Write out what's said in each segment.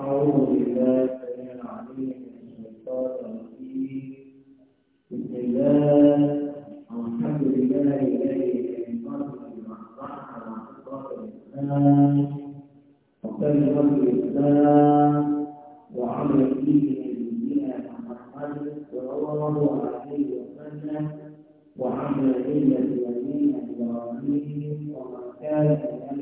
أعوذ بالله السميع العليم الشيطان الرجيم بسم الله الحمد لله الذي أنقذنا بالرحمة وعقاب الإسلام وكلمة الإسلام وعمل فيه نبينا محمد صلى الله عليه وسلم وعمل ملة يمين إبراهيم وما كان من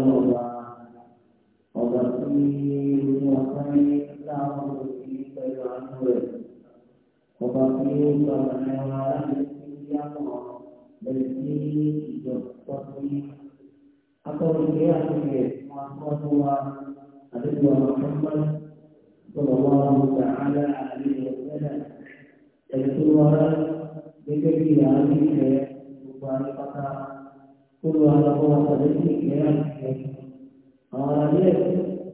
Kurwa Allah wa sallallahu alaihi wa sallam. Hallelujah.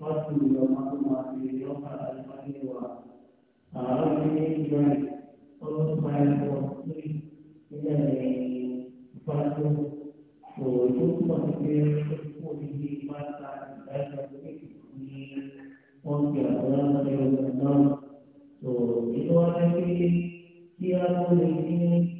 وصل ومعلومة في يوم الألفين وأربعين جوان وصفحة وصفحة إلى فاتو وشوفوا في قوله ما كان ذلك Porque hablamos de los menores, so, y todo aquel que quiera poder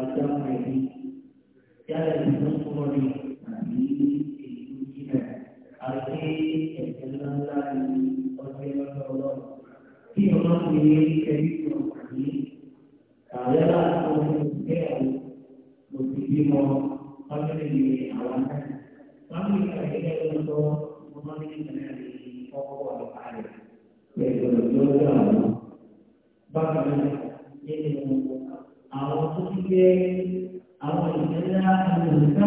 keluarga mereka yang dihidup kemudian nanti dihidupkan artinya jalan lagi oleh tiada pilih kehidupan ini saya tak mengerti mesti mau pandai diri awak kan kami tak ada untuk memandikan diri pokok atau kaya jadi kalau àwọn tó ti gbé àwọn ìgbẹ́lẹ́ àti òǹkà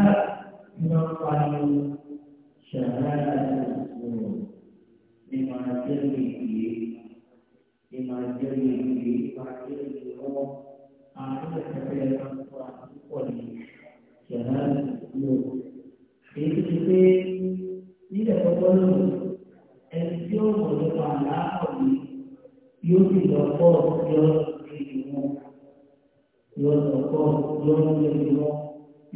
nínú ọ̀pá ní ṣàrá àti òṣùwọ̀n ní máa jẹ́ ní ìgbé ní máa jẹ́ ní ìgbé máa jẹ́ ní ìgbọ́ àwọn ìgbẹ́lẹ́ àti òṣùwọ̀n ní ṣàrá àti òṣùwọ̀n. èyí ti pé nílẹ̀ pọ́pọ́ lóun ẹni tí ó mọ̀ nípa àlàáfọ̀ yìí yóò ti lọ bọ́ọ̀ sí ọ́ ní ìgbọ́. yóò lọ kọ́ yóò lọ lé lọ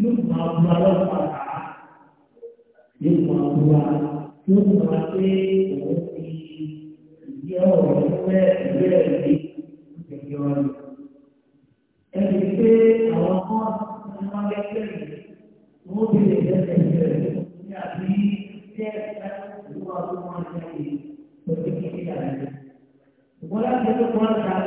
yóò máa bu alọ́ pàtà yóò máa bu wa yóò máa pé òun fi ìdí ọ̀rọ̀ ìfẹ́ ìgbé ẹ̀dí ìgbé ọ̀rọ̀ ẹni pé àwọn kan ní wọn gẹ́gẹ́ rẹ̀ wọ́n ti lè gẹ́gẹ́ rẹ̀ ní àbí díẹ̀ láti wọ́n tó wọ́n ṣe é lórí àná. ìwọ́n láti ẹgbẹ́ kan ta.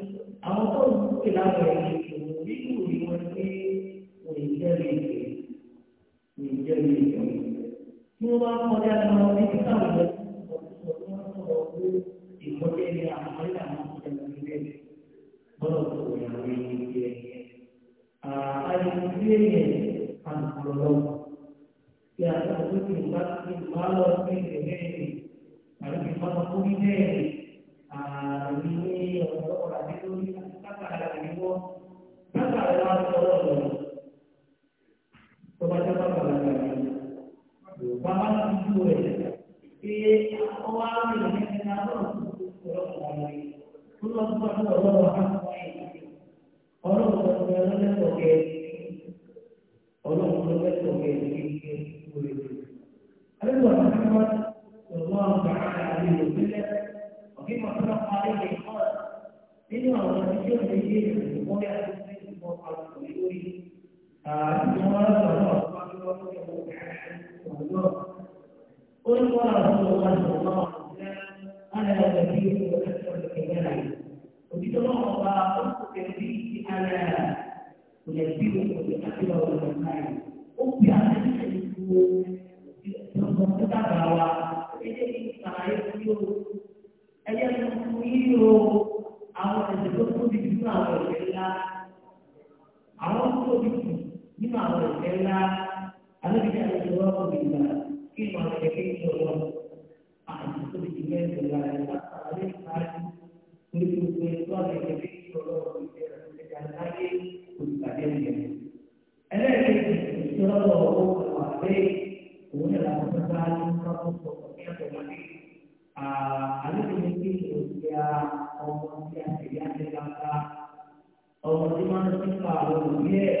àwọn tó ń gbé lábẹ́ ìṣòro nínú ìwọ̀n pé kò ní jẹ́ lè ní jẹ́ lè jẹ́ kí wọ́n bá kọjá lọ ní sáwọn ìjọba ọlọ́run tó bá dábàá balàgbà yìí bá wá sí ìlú rẹ̀ pé ọwọ́ àwọn ènìyàn ní ẹni àwọn ọlọ́run ọmọ yìí tó lọ sí ọdún ọlọ́run àwọn ọlọ́run tó ti ọlọ́run lẹ́tọ̀ọ́ kẹ́ ọlọ́run tó lẹ́tọ̀ọ́ kẹ́ kí ó lè tó. Àlejò àwọn akẹ́kọ̀ọ́ ọ̀gbọ́n ọ̀gbà àlejò ìpínlẹ̀ ọ̀gbìn mọ̀tò náà parí ìkọ́ nínú àwọn ọ̀gbìn tí ó lè yé ìrìn Awọn ẹ̀sẹ̀ tó kó di ìdúnà ọ̀rẹ́ ńlá, àwọn tó kó di ìdúnà lima orang kena, ada tidak ada dua orang bila, lima orang kena dua orang, ah itu dijual dengan harga hari hari, untuk itu itu ada kena dua orang bila, kita lagi kita jadi, ada kena dua orang bila, punya lah perasaan kalau sokongnya cuma ni, ah ada kena dua orang bila, orang dia dia dia kata, orang di mana sih kalau dia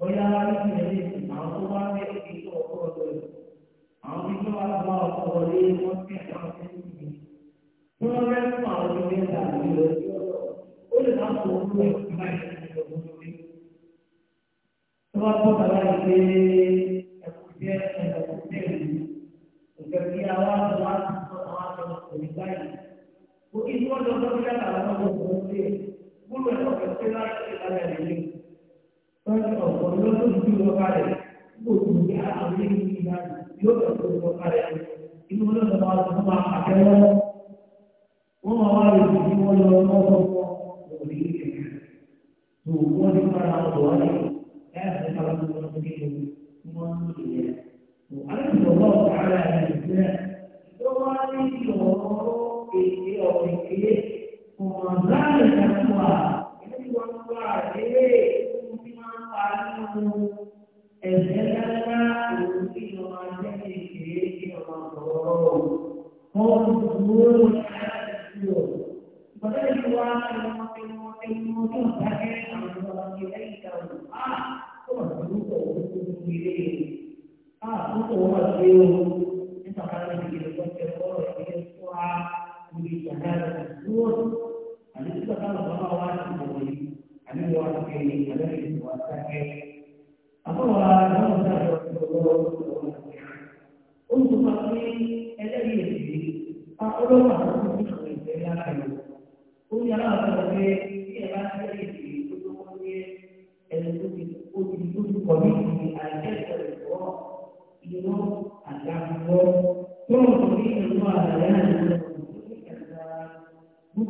bóyá láti lè lè àwọn tó bá fẹ́ ìṣó ọkọ̀ ọ̀dọ́ yìí àwọn tí wọ́n bá gba ọkọ̀ wọlé wọ́n fi àwọn tó ń bí tí wọ́n fẹ́ fún àwọn tó fẹ́ dà ní lọ sí ọ̀dọ́ ó lè má fọ owó ẹ̀ fún báyìí ní ọdún tó dé. tó bá tó bàbá yìí pé ẹ̀kú jẹ́ ẹ̀kú jẹ́ ìlú nǹkan tí àwa àtọwà ti sọ àwọn àtọwà kò ní báyìí. òkè tí wọ́n lọ sọ́kúnlẹ̀ àwọn ọmọ lọ́dọ̀ ọ̀pọ̀ lọ́dọ̀ ju ọba rẹ̀ kó o tún yá àwọn ilé ìgbà yóò lọ sí ọba rẹ̀ inú lọ́dọ̀ máa tún máa pàtẹ́ lọ́wọ́ wọ́n máa wá lè fi wọ́n lọ lọ́wọ́ òní ìkẹ̀kẹ̀ tó wọ́n ní fara ọ̀dọ̀ wá قوة فيهم أنت قال الى إذا كنت قوة السرعه من شهادة السور التي تقال الله عنه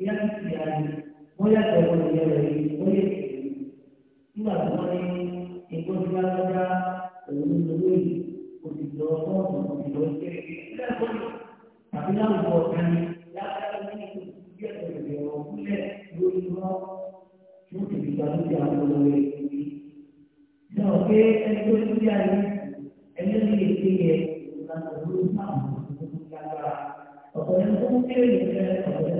bóyá títí ayé bóyá tẹ̀wọ́ ìyẹn rẹ̀ yìí bóyá èké nígbà tí wọ́n ní ẹ̀kọ́ tí wọ́n lọ́jà òun lówó yìí kò sì lọ bọ́ọ̀lù kò sì lọ sí ẹ̀kẹ́ tàbí láwùjọ ọ̀gá ni lágbára ní ìlú bí ẹ̀sẹ̀ rẹ̀ rọ̀ kúlẹ̀ lórí wọn tí ó sì fi gbàdúrà àwọn olóore ìlú. Ṣé ọ̀gẹ́ ẹni tó ti rí ayé ẹni tó ti lè ṣe yẹ ìlànà olóòtú àwọn ọ̀gá ọ̀gá ẹni tó ń kéré ìfẹ́ ọ̀gá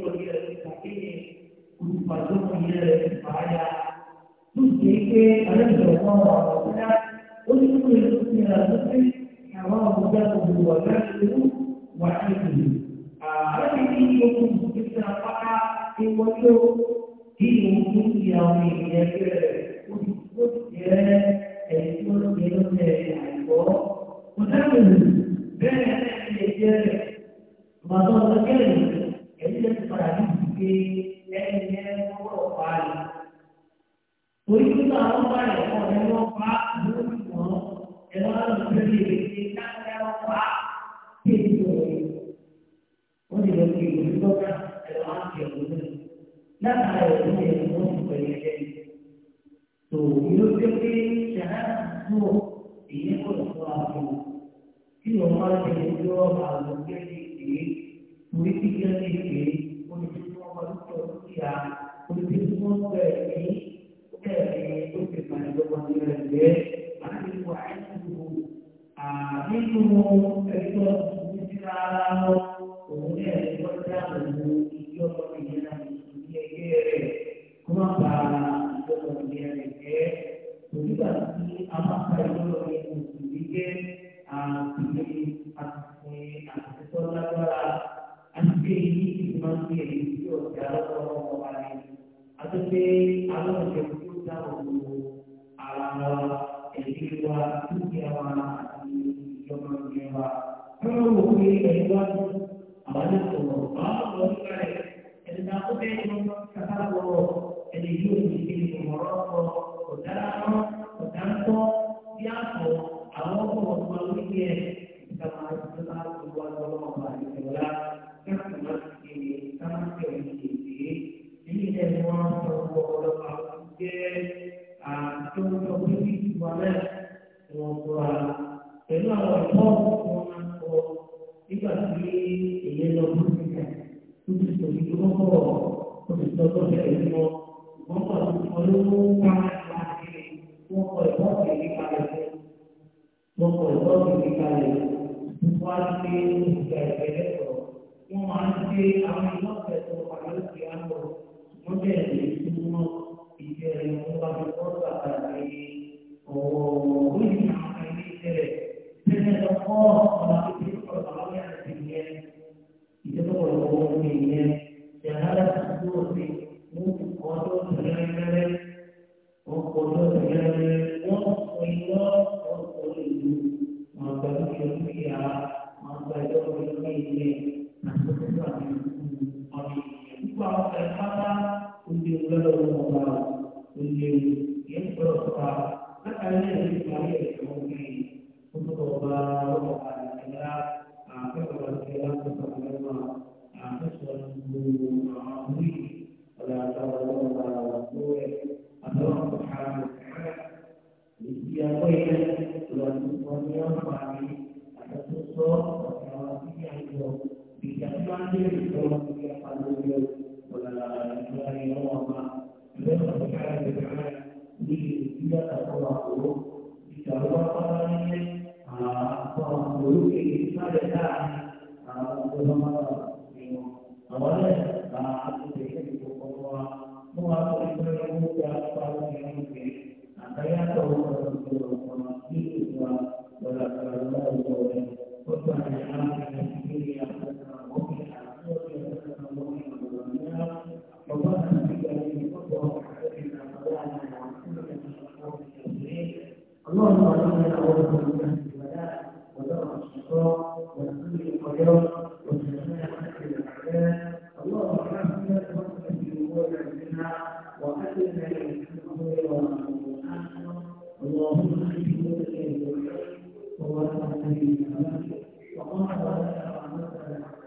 marzuki ile ibada tusike alizokuwa wakuna uliku yusufi na zuki na wao kujaku kuwagasiru wa ilmi lakini hiyo kumsikisa mpaka iwoyo hii mtungi ya umiiyeke ulikutire elikiolo yeyote aliko kunamu torí nígbà wọn bá yẹ kọ ẹ wọn bá lórí wọn ẹ wọn á lọ sí ilé ìdí káfíà wọn bá dé ìlú rẹ wọn lè lọ sí ìlú lọ́gbà ẹ wọn á fi ẹ̀kọ́ náà látara ẹ̀ ní ẹ̀ wọn ti pẹ̀lú ẹ̀ tó yóò dé pé ṣàrà àdúgbò èyí kò lọ fún wa fún un kí bá lè lọ sí ọ̀rọ̀ àwọn. manusia di situ jalan orang orang ini. Atau si alam yang kita tahu alam etika dunia mana ini yang manusia perlu mengikuti dengan mana tu orang orang ini. Jadi tak boleh orang kata bahawa ini jurus ini orang orang kodaran kodaran tu siapa alam orang orang ini kita harus kita harus buat orang orang ini. jẹ́ àtúntò lórí ìwà náà tí wọ́n kọ́ wa pẹ̀lú wọn máa ń kọ́ nígbà tí èyí lọ bó ti kà ti sọ ìlú kọ́kọ́ ó ti sọ tó fẹ́ ìlú wọn wọ́n kọ́ ọlọ́wọ́ wá láàrin wọ́n kọ́ ẹ̀kọ́ kẹ̀lé kalẹ̀ wọ́n kọ́ ẹ̀kọ́ kẹ̀lé kalẹ̀ wọ́n á gbé ìgbà ìgbẹ́lẹ́ sọ̀rọ̀ wọ́n máa ń gbé àwọn ìlú Thank you. o la